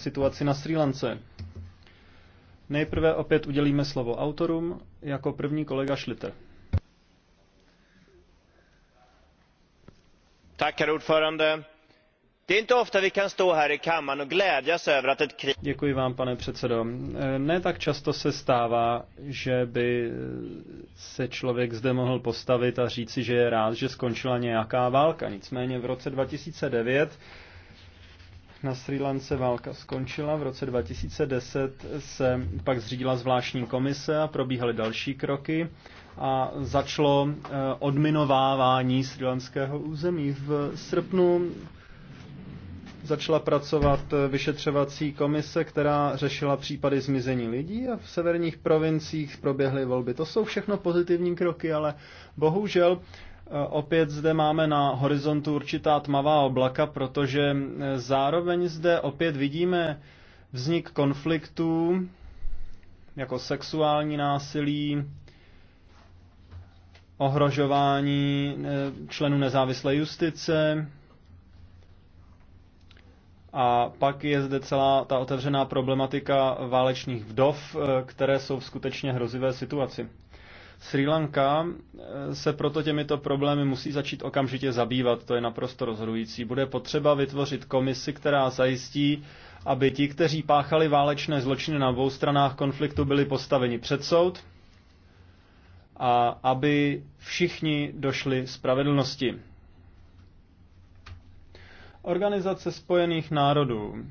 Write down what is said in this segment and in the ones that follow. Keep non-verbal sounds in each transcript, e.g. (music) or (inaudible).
situaci na Sri Lance. Nejprve opět udělíme slovo autorům, jako první kolega Schlitter. ordförande. Det är inte ofta vi kan stå här i kammaren och glädjas över att ett krig... Děkuji vám, pane předsedo. Ne tak často se stává, že by se člověk zde mohl postavit a říci, že je rád, že skončila nějaká válka. Nicméně v roce 2009 na Sri Lance válka skončila. V roce 2010 se pak zřídila zvláštní komise a probíhaly další kroky a začalo eh, odminovávání sri lanského území. V srpnu začala pracovat eh, vyšetřovací komise, která řešila případy zmizení lidí a v severních provinciích proběhly volby. To jsou všechno pozitivní kroky, ale bohužel Eh, opět zde máme na horizontu určitá tmavá oblaka, protože eh, zároveň zde opět vidíme vznik konfliktů, jako sexuální násilí, ohrožování eh, členů nezávislé justice. A pak je zde celá ta otevřená problematika válečných vdov, které jsou v skutečně hrozivé situaci. Sri Lanka eh, se proto těmito problémy musí začít okamžitě zabývat, to je naprosto rozhodující. Bude potřeba vytvořit komisi, která zajistí, aby ti, kteří páchali válečné zločiny na obou stranách konfliktu, byli postaveni před soud a aby všichni došli spravedlnosti. Organizace spojených národů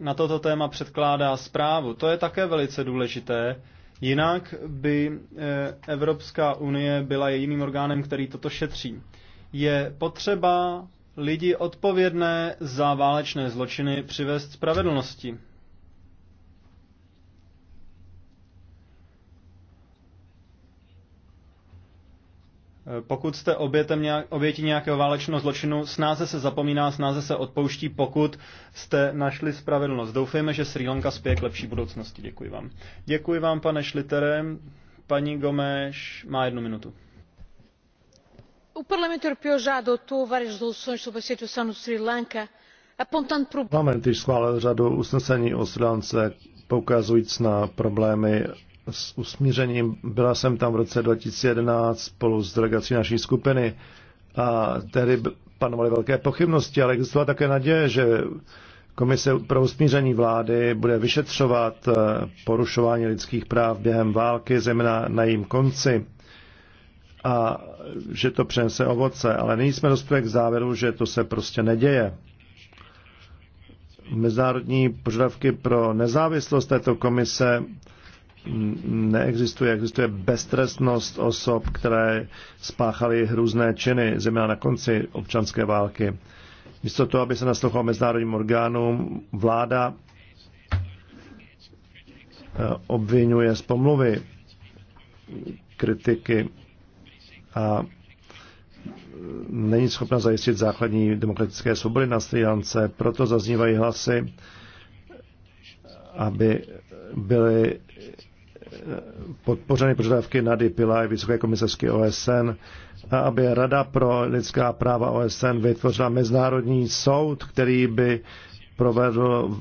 na toto téma předkládá zprávu. To je také velice důležité, Jinak by eh, Evropská unie byla jediným orgánem, který toto šetří. Je potřeba lidi odpovědné za válečné zločiny přivést spravedlnosti. Eh, pokud jste obětem nějak, oběti nějakého válečného zločinu, snáze se zapomíná, snáze se odpouští, pokud jste našli spravedlnost. Doufejme, že Sri Lanka spěje k lepší budoucnosti. Děkuji vám. Děkuji vám, pane Šlitere. Paní Gomeš má jednu minutu. O Parlamento Europeu já adotou várias resoluções sobre a situação no Sri Lanka, apontando problemas. Parlament již schválil řadu usnesení o Sri Lance, poukazujíc na problémy s usmířením. Byla jsem tam v roce 2011 spolu s delegací naší skupiny a tehdy panovaly velké pochybnosti, ale existovala také naděje, že Komise pro usmíření vlády bude vyšetřovat eh, porušování lidských práv během války, zejména na jejím konci, a že to přinese ovoce. Ale nyní jsme dospěli k závěru, že to se prostě neděje. Mezinárodní požadavky pro nezávislost této komise neexistuje. Existuje beztrestnost osob, které spáchaly hrůzné činy, zejména na konci občanské války. Místo toho, aby se naslouchal mezinárodním orgánům, vláda eh, obvinuje z pomluvy kritiky a eh, není schopna zajistit základní demokratické svobody na Sri Proto zaznívají hlasy, aby byly podpořeny požadavky Nady Pillay, Vysoké komisařky OSN, a aby Rada pro lidská práva OSN vytvořila mezinárodní soud, který by provedl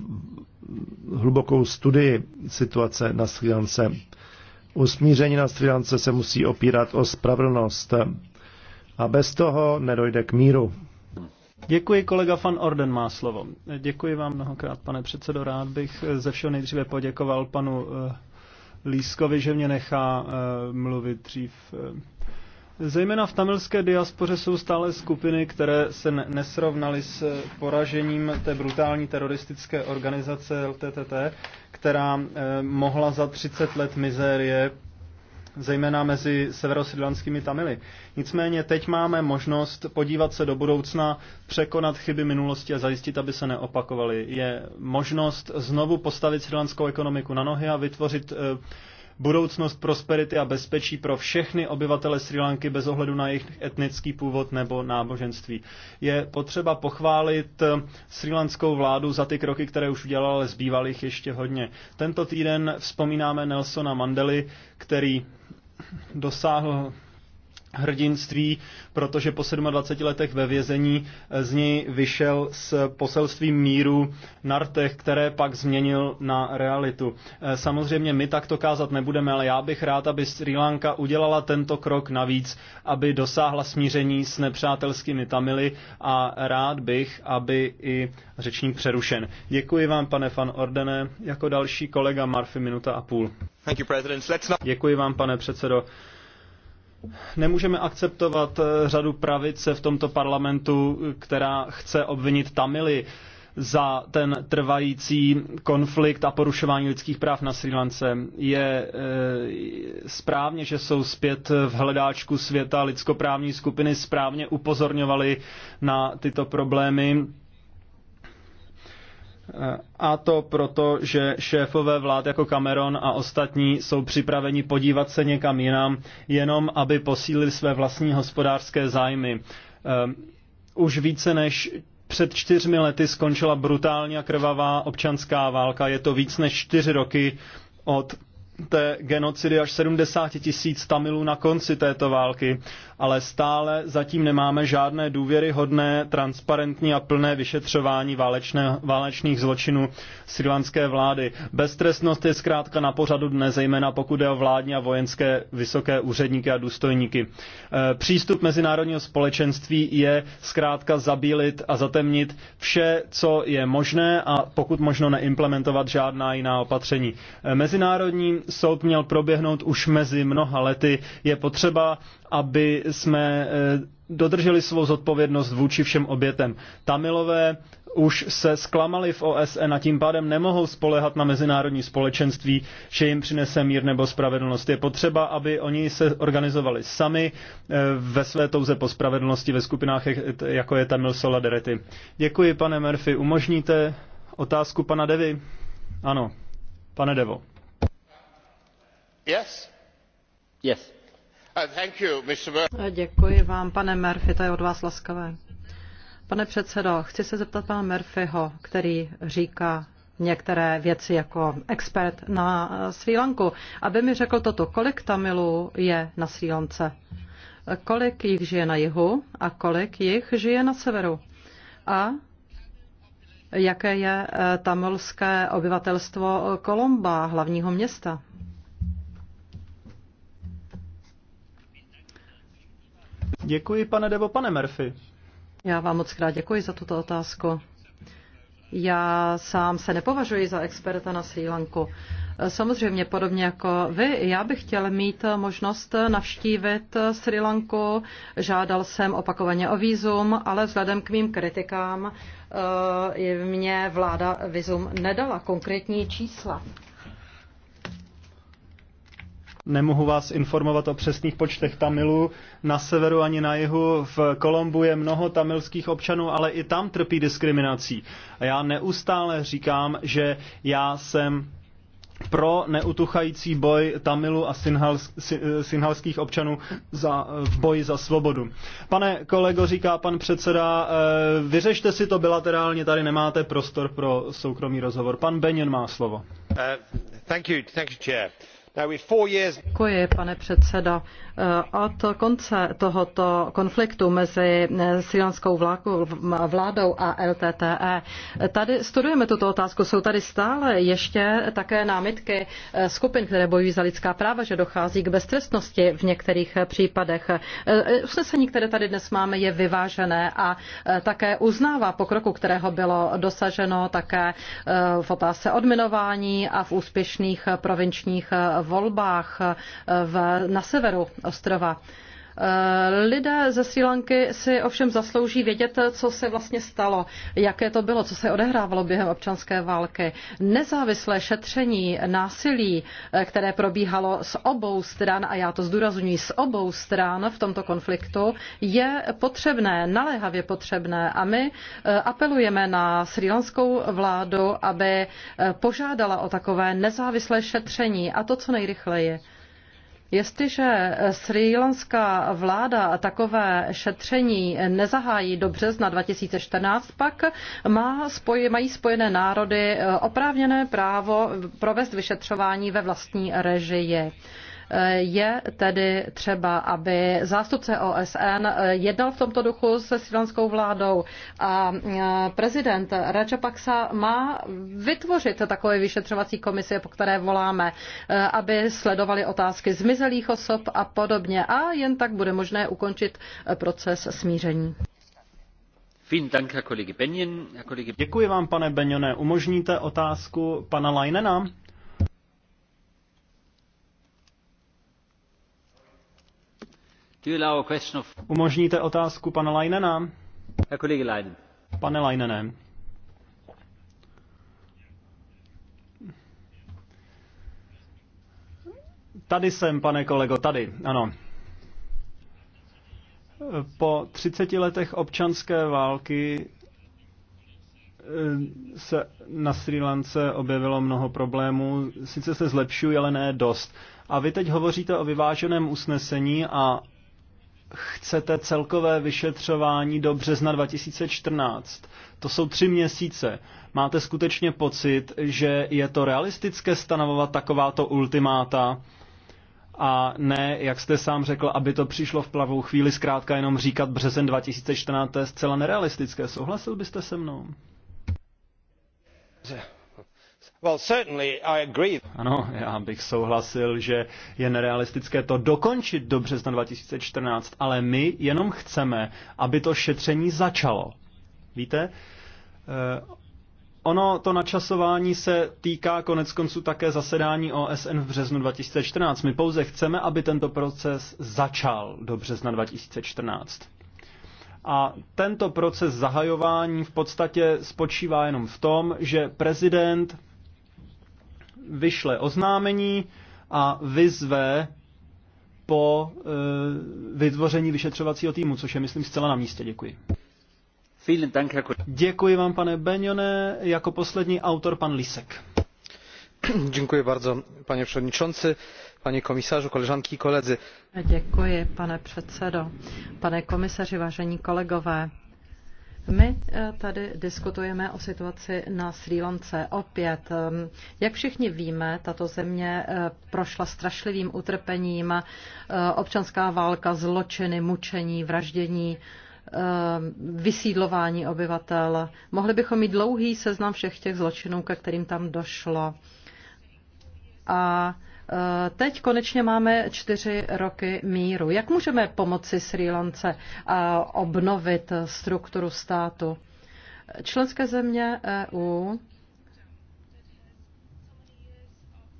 hlubokou studii situace na Střílance. Usmíření na Střílance se musí opírat o spravedlnost a bez toho nedojde k míru. Děkuji, kolega Van Orden má slovo. Děkuji vám mnohokrát, pane předsedo. Rád bych ze všeho nejdříve poděkoval panu eh, Lískovi, že mě nechá eh, mluvit dřív. Eh. Zejména v tamilské diaspoře jsou stále skupiny, které se nesrovnaly s poražením té brutální teroristické organizace LTTT, která eh, mohla za 30 let mizérie zejména mezi severosidlanskými Tamily. Nicméně teď máme možnost podívat se do budoucna, překonat chyby minulosti a zajistit, aby se neopakovaly. Je možnost znovu postavit sidlanskou ekonomiku na nohy a vytvořit eh, budoucnost prosperity a bezpečí pro všechny obyvatele Sri Lanky bez ohledu na jejich etnický původ nebo náboženství. Je potřeba pochválit eh, Sri Lankskou vládu za ty kroky, které už udělala, ale zbývalých ještě hodně. Tento týden vzpomínáme Nelsona Mandely, který dosáhl hrdinství, protože po 27 letech ve vězení eh, z něj vyšel s poselstvím míru na rtech, které pak změnil na realitu. Eh, samozřejmě my tak to kázat nebudeme, ale já bych rád, aby Sri Lanka udělala tento krok navíc, aby dosáhla smíření s nepřátelskými Tamily a rád bych, aby i řečník přerušen. Děkuji vám, pane Van Ordene. Jako další kolega Marfy minuta a půl. Děkuji vám, pane předsedo. Nemůžeme akceptovat eh, řadu pravice v tomto parlamentu, která chce obvinit Tamily za ten trvající konflikt a porušování lidských práv na Sri Lance. Je e, správně, že jsou zpět v hledáčku světa lidskoprávní skupiny, správně upozorňovali na tyto problémy a to proto, že šéfové vlád jako Cameron a ostatní jsou připraveni podívat se někam jinam, jenom aby posílili své vlastní hospodářské zájmy. Ehm, už více než před čtyřmi lety skončila brutální a krvavá občanská válka. Je to víc než čtyři roky od té genocidy až 70 tisíc Tamilů na konci této války, ale stále zatím nemáme žádné důvěryhodné, transparentní a plné vyšetřování válečné, válečných zločinů srilanské vlády. Beztrestnost je zkrátka na pořadu dne, zejména pokud je o vládní a vojenské vysoké úředníky a důstojníky. E, přístup mezinárodního společenství je zkrátka zabílit a zatemnit vše, co je možné a pokud možno neimplementovat žádná jiná opatření. E, mezinárodní soud měl proběhnout už mezi mnoha lety. Je potřeba, aby jsme eh, dodrželi svou zodpovědnost vůči všem obětem. Tamilové už se zklamali v OSN a tím pádem nemohou spolehat na mezinárodní společenství, že jim přinese mír nebo spravedlnost. Je potřeba, aby oni se organizovali sami eh, ve své touze po spravedlnosti ve skupinách, jako je Tamil Solidarity. Děkuji, pane Murphy. Umožníte otázku pana Devy? Ano, pane Devo. Uh, eh, děkuji vám, pane Murphy, to je od vás laskavé. Pane předsedo, chci se zeptat pana Murphyho, který říká některé věci jako expert na eh, srí Lanku, aby mi řekl toto, kolik Tamilů je na srí Lance, kolik jich žije na jihu a kolik jich žije na severu. A jaké je eh, tamilské obyvatelstvo colomba hlavního města? Děkuji, pane Devo, pane Murphy. Já vám moc krát děkuji za tuto otázku. Já sám se nepovažuji za experta na Sri Lanku. Samozřejmě podobně jako vy, já bych chtěl mít možnost navštívit Sri Lanku. Žádal jsem opakovaně o výzum, ale vzhledem k mým kritikám eh, mě vláda vizum nedala konkrétní čísla. Nemohu vás informovat o přesných počtech Tamilů. Na severu ani na jihu v Kolombu je mnoho tamilských občanů, ale i tam trpí diskriminací. A já neustále říkám, že já jsem pro neutuchající boj Tamilu a sinhals, sinhalských občanů za boj za svobodu. Pane kolego, říká pan předseda, eh, vyřešte si to bilaterálně, tady nemáte prostor pro soukromý rozhovor. Pan Benjen má slovo. Uh, thank you, thank you, chair. Děkuji, pane předsedající od konce tohoto konfliktu mezi sílanskou vládou a LTTE, tady studujeme tuto otázku, jsou tady stále ještě také námitky skupin, které bojují za lidská práva, že dochází k beztrestnosti v některých případech. Usnesení, které tady dnes máme, je vyvážené a také uznává pokroku, kterého bylo dosaženo také v otázce odminování a v úspěšných provinčních volbách na severu ostrova. Eh, lidé ze Sri Lanky si ovšem zaslouží vědět, co se vlastně stalo, jaké to bylo, co se odehrávalo během občanské války. Nezávislé šetření násilí, eh, které probíhalo z obou stran, a já to zdůrazňuji, z obou stran v tomto konfliktu, je potřebné, naléhavě potřebné. A my eh, apelujeme na Sri Lanskou vládu, aby požádala o takové nezávislé šetření a to co nejrychleji. Jestliže srýlanská vláda takové šetření nezahájí do března 2014, pak má spoj, mají spojené národy oprávněné právo provést vyšetřování ve vlastní režii. Je tedy třeba, aby zástupce OSN jednal v tomto duchu se sílanskou vládou a prezident Rajapaksa má vytvořit takové vyšetřovací komisi, po které voláme, e, aby sledovali otázky zmizelých osob a podobně. A jen tak bude možné ukončit proces smíření. Děkuji vám, pane Benjone. Umožníte otázku pana Leinena? Umožníte otázku pana Leinena? Pane Leinene. Tady jsem, pane kolego, tady, ano. Po 30 letech občanské války eh, se na Sri Lance objevilo mnoho problémů. Sice se zlepšují, ale ne dost. A vy teď hovoříte o vyváženém usnesení a chcete celkové vyšetřování do března 2014. To jsou tři měsíce. Máte skutečně pocit, že je to realistické stanovovat takováto ultimáta? a ne, jak jste sám řekl, aby to přišlo v plavou chvíli, zkrátka jenom říkat březen 2014, to je zcela nerealistické. Souhlasil byste se mnou? Ano, já bych souhlasil, že je nerealistické to dokončit do března 2014, ale my jenom chceme, aby to šetření začalo. Víte? Eh, ono to načasování se týká konec konců také zasedání OSN v březnu 2014. My pouze chceme, aby tento proces začal do března 2014. A tento proces zahajování v podstatě spočívá jenom v tom, že prezident vyšle oznámení a vyzve po eh, vytvoření vyšetřovacího týmu, což je, myslím, zcela na místě. Děkuji. Děkuji vám, pane Benjone. Jako poslední autor pan Lisek. (clears throat) Děkuji bardzo, pane předsedající, pane komisařu, koleżanki i koledzy. Děkuji, pane předsedo. Pane komisaři, vážení kolegové my eh, tady diskutujeme o situaci na Sri Lance. Opět, ehm, jak všichni víme, tato země eh, prošla strašlivým utrpením, eh, občanská válka, zločiny, mučení, vraždění, ehm, vysídlování obyvatel. Mohli bychom mít dlouhý seznam všech těch zločinů, ke kterým tam došlo. A Eh, teď konečně máme čtyři roky míru. Jak můžeme pomoci Sri Lance a obnovit strukturu státu? Členské země EU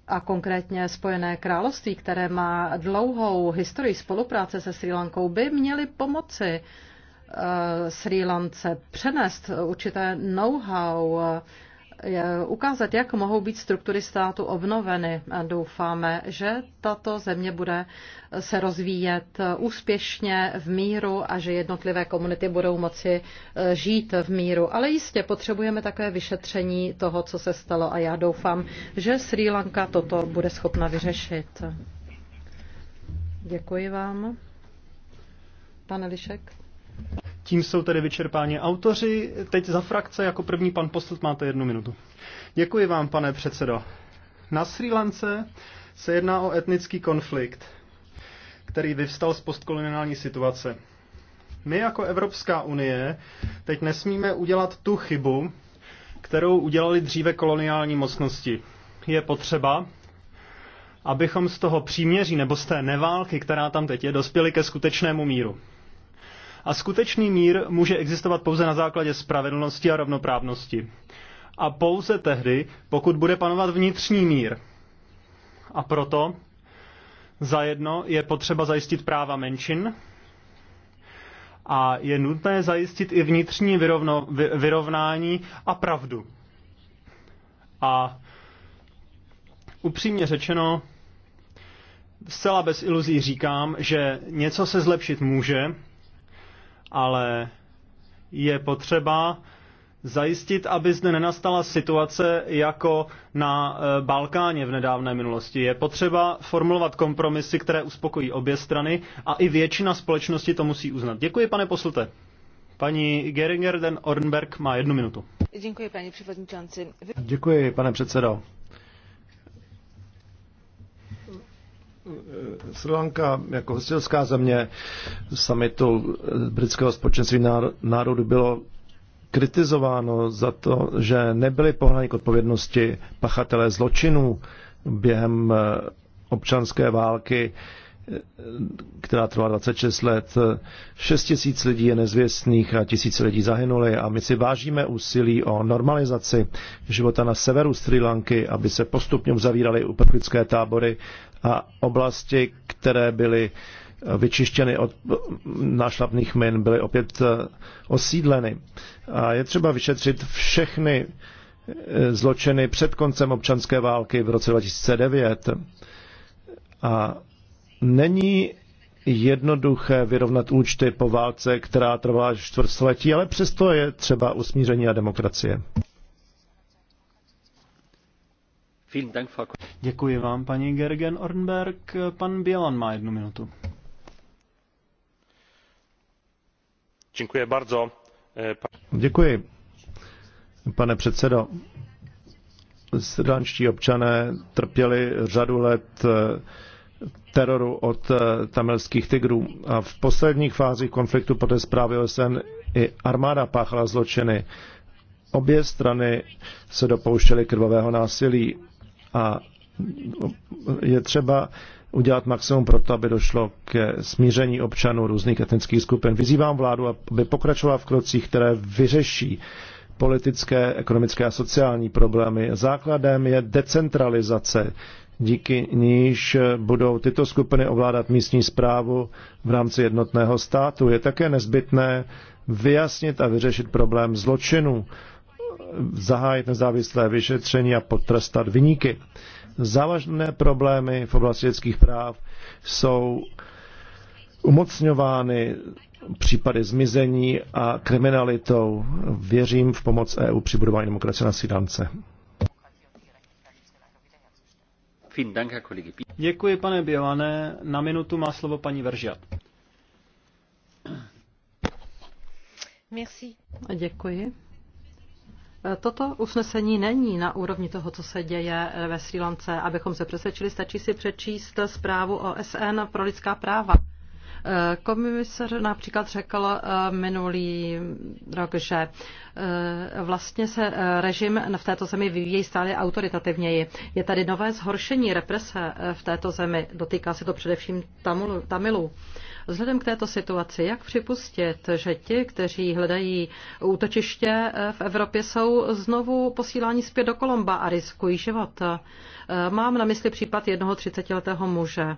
a konkrétně Spojené království, které má dlouhou historii spolupráce se Sri Lankou, by měly pomoci eh, Sri Lance přenést určité know-how ukázat, jak mohou být struktury státu obnoveny. A doufáme, že tato země bude se rozvíjet úspěšně v míru a že jednotlivé komunity budou moci e, žít v míru. Ale jistě potřebujeme také vyšetření toho, co se stalo a já doufám, že Sri Lanka toto bude schopna vyřešit. Děkuji vám. Pane Lišek. Tím jsou tedy vyčerpáni autoři. Teď za frakce jako první pan poslat máte jednu minutu. Děkuji vám, pane předsedo. Na Sri Lance se jedná o etnický konflikt, který vyvstal z postkoloniální situace. My jako Evropská unie teď nesmíme udělat tu chybu, kterou udělali dříve koloniální mocnosti. Je potřeba, abychom z toho příměří nebo z té neválky, která tam teď je, dospěli ke skutečnému míru. A skutečný mír může existovat pouze na základě spravedlnosti a rovnoprávnosti. A pouze tehdy, pokud bude panovat vnitřní mír. A proto zajedno je potřeba zajistit práva menšin, a je nutné zajistit i vnitřní vyrovno, vy, vyrovnání a pravdu. A upřímně řečeno, zcela bez iluzí říkám, že něco se zlepšit může, ale je potřeba zajistit, aby zde nenastala situace jako na e, Balkáně v nedávné minulosti. Je potřeba formulovat kompromisy, které uspokojí obě strany a i většina společnosti to musí uznat. Děkuji, pane poslute. Paní Geringer den Ornberg má jednu minutu. Děkuji, Děkuji, pane předsedo. Eh, Sri Lanka jako hostilská země samitu eh, britského společenství národu bylo kritizováno za to, že nebyly pohnány k odpovědnosti pachatelé zločinů během eh, občanské války která trvá 26 let. 6 tisíc lidí je nezvěstných a tisíce lidí zahynuli a my si vážíme úsilí o normalizaci života na severu Sri Lanky, aby se postupně uzavíraly uprchlické tábory a oblasti, které byly vyčištěny od nášlapných min, byly opět eh, osídleny. A je třeba vyšetřit všechny eh, zločiny před koncem občanské války v roce 2009. A Není jednoduché vyrovnat účty po válce, která trvá čtvrtstoletí, ale přesto je třeba usmíření a demokracie. Děkuji vám, paní Gergen Ornberg. Pan Bělan má jednu minutu. Děkuji bardzo. Eh, Děkuji, pane předsedo. Srdánští občané trpěli řadu let eh, teroru od eh, tamilských tigrů. A v posledních fázích konfliktu podle zprávy OSN i armáda páchala zločiny. Obě strany se dopouštěly krvavého násilí a je třeba udělat maximum pro to, aby došlo k smíření občanů různých etnických skupin. Vyzývám vládu, aby pokračovala v krocích, které vyřeší politické, ekonomické a sociální problémy. Základem je decentralizace díky níž budou tyto skupiny ovládat místní zprávu v rámci jednotného státu. Je také nezbytné vyjasnit a vyřešit problém zločinů, zahájit nezávislé vyšetření a potrestat vyníky. Závažné problémy v oblasti lidských práv jsou umocňovány případy zmizení a kriminalitou. Věřím v pomoc EU při budování demokracie na Sidance. Děkuji, pane Bělané. Na minutu má slovo paní Veržat. Merci. Děkuji. Toto usnesení není na úrovni toho, co se děje ve Sri Lance. Abychom se přesvědčili, stačí si přečíst zprávu OSN pro lidská práva. Komisař například řekl eh, minulý rok, že eh, vlastně se eh, režim v této zemi vyvíjí stále autoritativněji. Je tady nové zhoršení represe v této zemi. Dotýká se to především Tamilů. Vzhledem k této situaci, jak připustit, že ti, kteří hledají útočiště v Evropě, jsou znovu posíláni zpět do Kolomba a riskují život? Mám na mysli případ jednoho 30-letého muže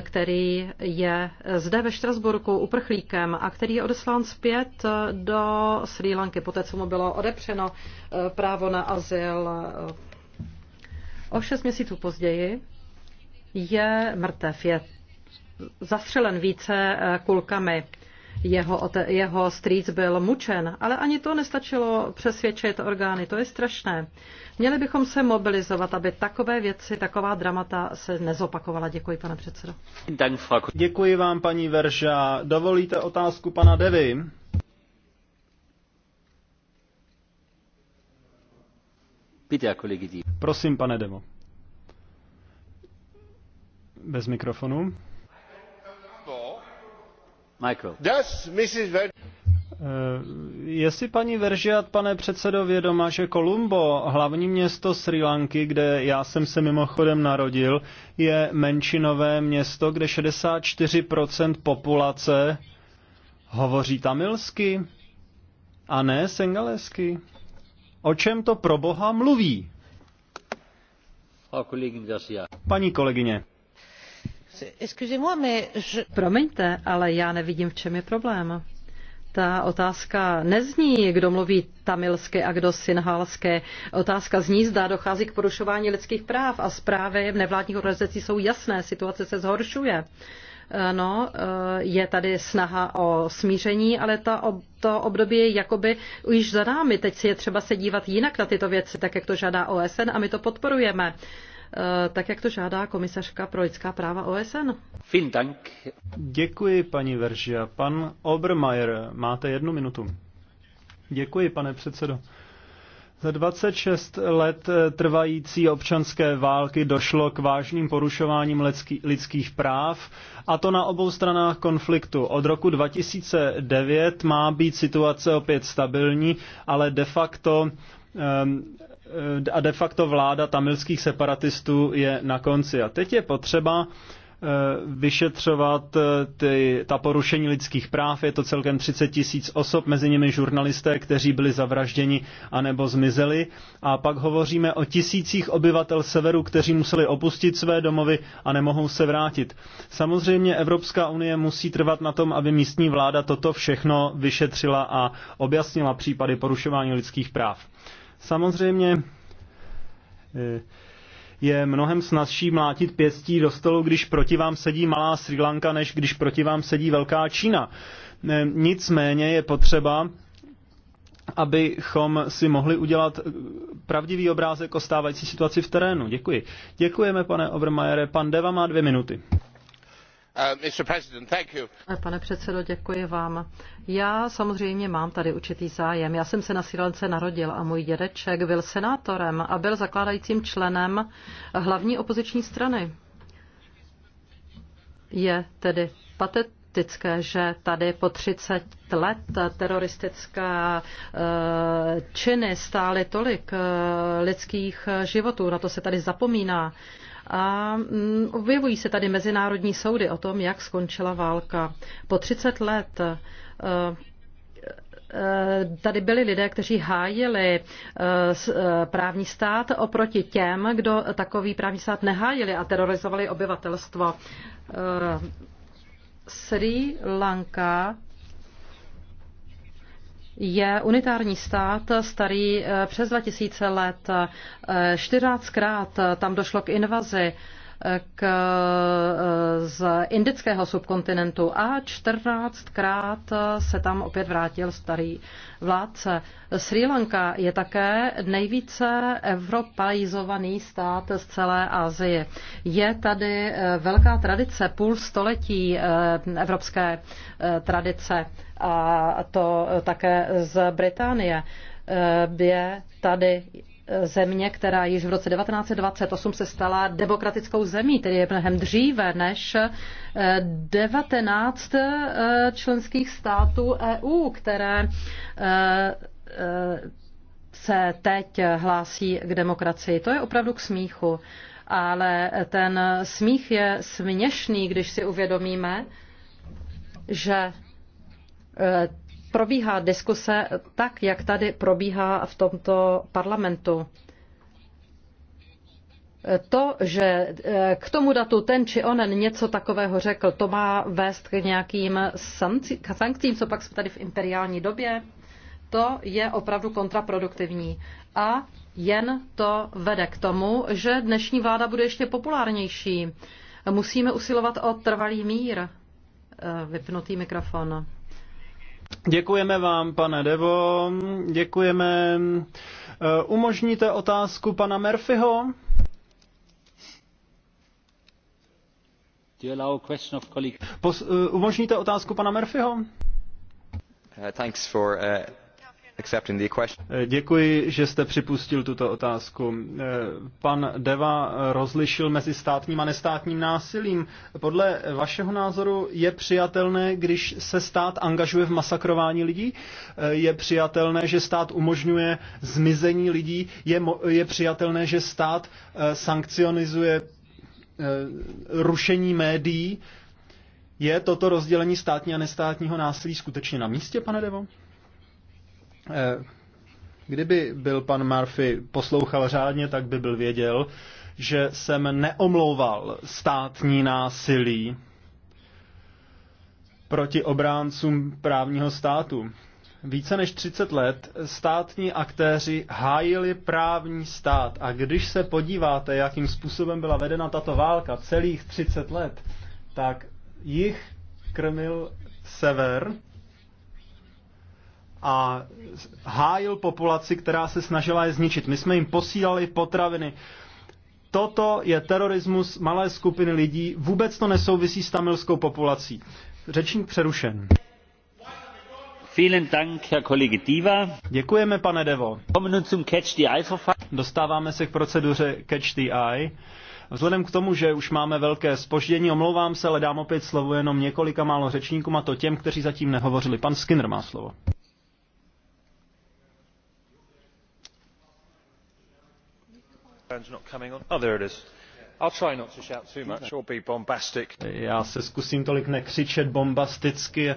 který je zde ve Štrasburku uprchlíkem a který je odeslán zpět do Sri Lanky, poté co mu bylo odepřeno eh, právo na azyl. O šest měsíců později je mrtev, je zastřelen více eh, kulkami. Jeho, jeho strýc byl mučen, ale ani to nestačilo přesvědčit orgány. To je strašné. Měli bychom se mobilizovat, aby takové věci, taková dramata se nezopakovala. Děkuji, pane předsedo. Děkuji vám, paní Verža. Dovolíte otázku pana Devy? Prosím, pane Devo. Bez mikrofonu. Eh, je si paní Veržiat, pane předsedo, vědoma, že Kolumbo, hlavní město Sri Lanky, kde já jsem se mimochodem narodil, je menšinové město, kde 64% populace hovoří tamilsky a ne sengalesky. O čem to pro boha mluví? Paní kolegyně. Promiňte, ale já nevidím, v čem je problém. Ta otázka nezní, kdo mluví tamilsky a kdo sinhalsky. Otázka zní, zda dochází k porušování lidských práv a zprávy v nevládních organizací jsou jasné, situace se zhoršuje. Eh, no, eh, je tady snaha o smíření, ale ta, to období je jakoby už za námi. Teď si je třeba se dívat jinak na tyto věci, tak jak to žádá OSN a my to podporujeme. Eh, tak jak to žádá komisařka pro lidská práva OSN. Děkuji, paní Veržia. Pan Obermeier, máte jednu minutu. Děkuji, pane předsedo. Za 26 let eh, trvající občanské války došlo k vážným porušováním lidský, lidských práv, a to na obou stranách konfliktu. Od roku 2009 má být situace opět stabilní, ale de facto ehm, a de facto vláda tamilských separatistů je na konci. A teď je potřeba eh, vyšetřovat eh, ty, ta porušení lidských práv. Je to celkem 30 tisíc osob, mezi nimi žurnalisté, kteří byli zavražděni anebo zmizeli. A pak hovoříme o tisících obyvatel severu, kteří museli opustit své domovy a nemohou se vrátit. Samozřejmě Evropská unie musí trvat na tom, aby místní vláda toto všechno vyšetřila a objasnila případy porušování lidských práv. Samozřejmě eh, je mnohem snazší mlátit pěstí do stolu, když proti vám sedí malá Sri Lanka, než když proti vám sedí velká Čína. Eh, nicméně je potřeba, abychom si mohli udělat eh, pravdivý obrázek o stávající situaci v terénu. Děkuji. Děkujeme, pane Obermajere. Pan Deva má dvě minuty. Uh, pane předsedo, děkuji vám. Já samozřejmě mám tady určitý zájem. Já jsem se na Sri Lance narodil a můj dědeček byl senátorem a byl zakládajícím členem hlavní opoziční strany. Je tedy patetické, že tady po 30 let teroristické eh, činy stály tolik eh, lidských životů. Na to se tady zapomíná. A mm, objevují se tady mezinárodní soudy o tom, jak skončila válka. Po 30 let eh, eh, tady byli lidé, kteří hájili eh, právní stát oproti těm, kdo takový právní stát nehájili a terorizovali obyvatelstvo. Sri Lanka je unitární stát starý eh, přes 2000 let. Eh, čtyřáctkrát eh, tam došlo k invazi k, eh, z indického subkontinentu a 14krát eh, se tam opět vrátil starý vládce. Sri Lanka je také nejvíce evropaizovaný stát z celé Asie. Je tady eh, velká tradice, půl století evropské tradice a to také z Británie je tady země, která již v roce 1928 se stala demokratickou zemí, tedy je mnohem dříve než 19 eh, eh, členských států EU, které eh, se teď hlásí k demokracii. To je opravdu k smíchu. Ale ten smích je směšný, když si uvědomíme, že probíhá diskuse tak, jak tady probíhá v tomto parlamentu. To, že eh, k tomu datu ten či onen něco takového řekl, to má vést k nějakým sankcím, co pak jsme tady v imperiální době, to je opravdu kontraproduktivní. A jen to vede k tomu, že dnešní vláda bude ještě populárnější. Musíme usilovat o trvalý mír. Eh, vypnutý mikrofon. Děkujeme vám, pane Devo. Děkujeme. E, umožníte otázku pana Murphyho? E, umožníte otázku pana Murphyho? Uh, thanks for, uh... Eh, děkuji, že jste připustil tuto otázku. Eh, pan Deva rozlišil mezi státním a nestátním násilím. Podle vašeho názoru je přijatelné, když se stát angažuje v masakrování lidí? Eh, je přijatelné, že stát umožňuje zmizení lidí? Je, je přijatelné, že stát sankcionizuje rušení médií? Je toto rozdělení státní a nestátního násilí skutečně na místě, pane Devo? Eh, kdyby byl pan Murphy poslouchal řádně, tak by byl věděl, že jsem neomlouval státní násilí proti obráncům právního státu. Více než 30 let státní aktéři hájili právní stát a když se podíváte, jakým způsobem byla vedena tato válka celých 30 let, tak jich krmil sever a hájil populaci, která se snažila je zničit. My jsme jim posílali potraviny. Toto je terorismus malé skupiny lidí. Vůbec to nesouvisí s tamilskou populací. Řečník přerušen. Děkujeme, pane Devo. Dostáváme se k proceduře Catch the Eye. Vzhledem k tomu, že už máme velké spoždění, omlouvám se, ale dám opět slovo jenom několika málo řečníkům a to těm, kteří zatím nehovořili. Pan Skinner má slovo. Já se zkusím tolik nekřičet bombasticky,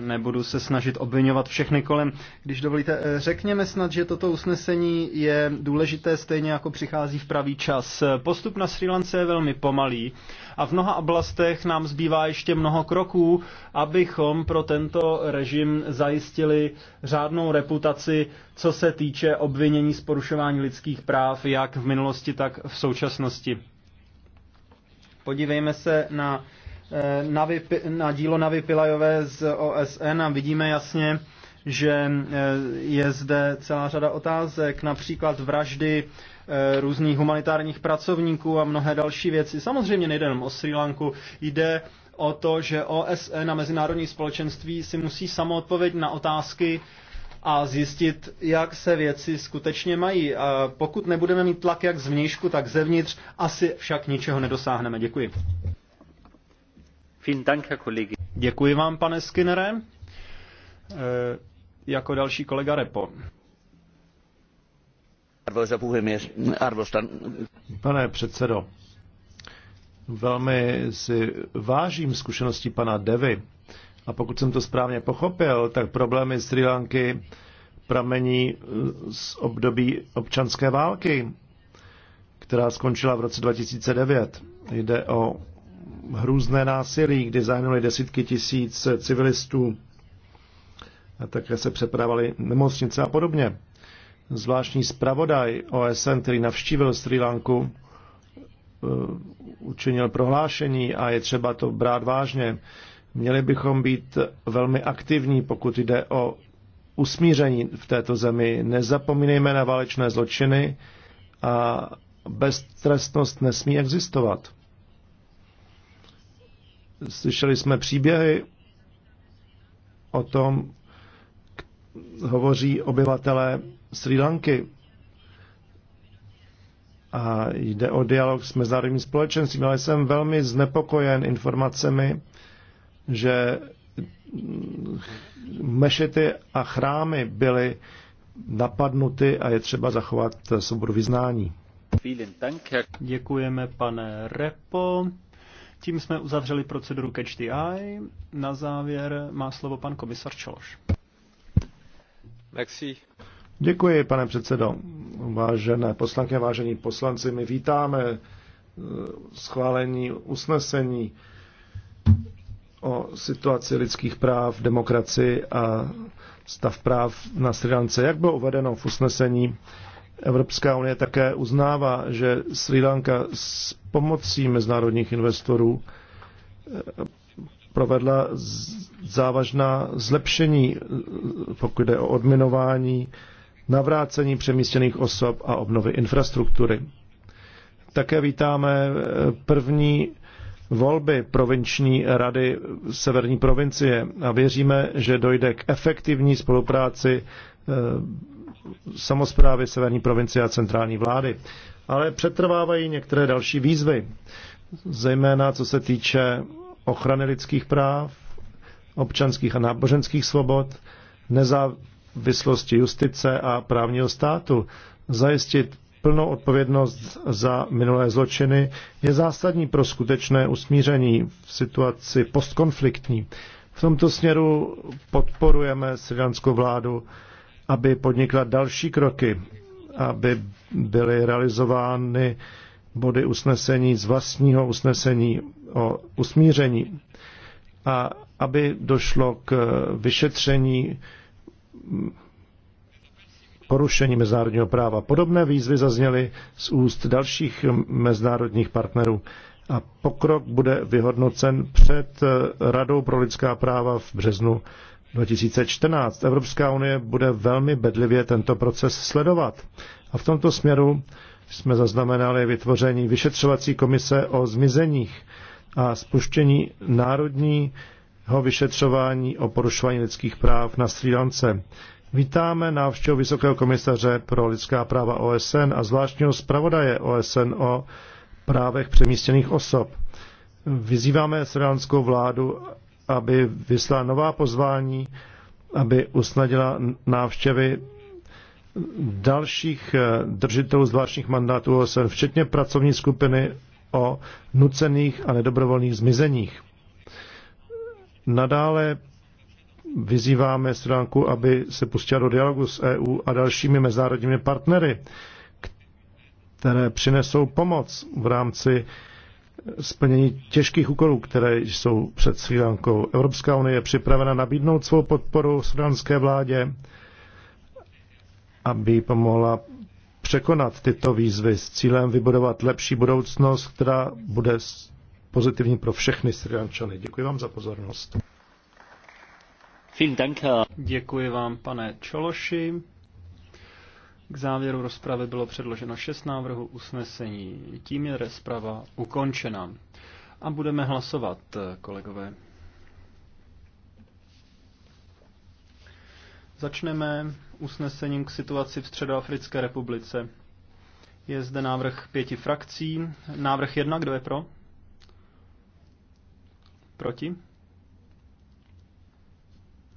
nebudu se snažit obvinovat všechny kolem. Když dovolíte, eh, řekněme snad, že toto usnesení je důležité stejně jako přichází v pravý čas. Postup na Sri Lance je velmi pomalý a v mnoha oblastech nám zbývá ještě mnoho kroků, abychom pro tento režim zajistili řádnou reputaci, co se týče obvinění z porušování lidských práv, jak v minulosti, tak v současnosti. Podívejme se na, eh, na, vypi, na dílo Navy Pilajové z OSN a vidíme jasně, že eh, je zde celá řada otázek, například vraždy Eh, různých humanitárních pracovníků a mnohé další věci. Samozřejmě nejde jenom o Sri Lanku, jde o to, že OSN a mezinárodní společenství si musí samo odpovědět na otázky a zjistit, jak se věci skutečně mají. A pokud nebudeme mít tlak jak zvnějšku, tak zevnitř, asi však ničeho nedosáhneme. Děkuji. Děkuji vám, pane Skinnere. E, jako další kolega Repo. Pane předsedo, velmi si vážím zkušeností pana Devy. A pokud jsem to správně pochopil, tak problémy Sri Lanky pramení eh, z období občanské války, která skončila v roce 2009. Jde o hrůzné násilí, kdy zahynuli desítky tisíc civilistů a také se přepravali nemocnice a podobně zvláštní zpravodaj OSN, který navštívil Sri Lanku, eh, učinil prohlášení a je třeba to brát vážně. Měli bychom být velmi aktivní, pokud jde o usmíření v této zemi. Nezapomínejme na válečné zločiny a beztrestnost nesmí existovat. Slyšeli jsme příběhy o tom, hovoří obyvatelé Sri Lanky. A jde o dialog s mezinárodním společenstvím, ale jsem velmi znepokojen informacemi, že mešity a chrámy byly napadnuty a je třeba zachovat svobodu vyznání. Děkujeme, pane Repo. Tím jsme uzavřeli proceduru Catch the Eye. Na závěr má slovo pan komisar Čološ. Merci. Děkuji, pane předsedo. Vážené poslanky, vážení poslanci, my vítáme eh, schválení usnesení o situaci lidských práv, demokracii a stav práv na Sri Lance. Jak bylo uvedeno v usnesení, Evropská unie také uznává, že Sri Lanka s pomocí mezinárodních investorů eh, provedla závažná zlepšení, eh, pokud jde o odminování, navrácení přemístěných osob a obnovy infrastruktury. Také vítáme eh, první volby provinční rady severní provincie a věříme, že dojde k efektivní spolupráci eh, samozprávy severní provincie a centrální vlády. Ale přetrvávají některé další výzvy, zejména co se týče ochrany lidských práv, občanských a náboženských svobod, vyslosti justice a právního státu. Zajistit plnou odpovědnost za minulé zločiny je zásadní pro skutečné usmíření v situaci postkonfliktní. V tomto směru podporujeme syrianskou vládu, aby podnikla další kroky, aby byly realizovány body usnesení z vlastního usnesení o usmíření a aby došlo k vyšetření porušení mezinárodního práva. Podobné výzvy zazněly z úst dalších mezinárodních partnerů a pokrok bude vyhodnocen před Radou pro lidská práva v březnu 2014. Evropská unie bude velmi bedlivě tento proces sledovat. A v tomto směru jsme zaznamenali vytvoření vyšetřovací komise o zmizeních a spuštění národní vyšetřování o porušování lidských práv na Sri Lance. Vítáme návštěvu Vysokého komisaře pro lidská práva OSN a zvláštního zpravodaje OSN o právech přemístěných osob. Vyzýváme srilanskou vládu, aby vyslala nová pozvání, aby usnadila návštěvy dalších eh, držitelů zvláštních mandátů OSN, včetně pracovní skupiny o nucených a nedobrovolných zmizeních. Nadále vyzýváme stránku, aby se pustila do dialogu s EU a dalšími mezinárodními partnery, které přinesou pomoc v rámci splnění těžkých úkolů, které jsou před Sri Lankou. Evropská unie je připravena nabídnout svou podporu sudánské vládě, aby pomohla překonat tyto výzvy s cílem vybudovat lepší budoucnost, která bude pozitivní pro všechny Srilančany. Děkuji vám za pozornost. Děkuji vám, pane Čološi. K závěru rozpravy bylo předloženo šest návrhů usnesení. Tím je rozprava ukončena. A budeme hlasovat, kolegové. Začneme usnesením k situaci v Středoafrické republice. Je zde návrh pěti frakcí. Návrh jedna, kdo je pro? Proti?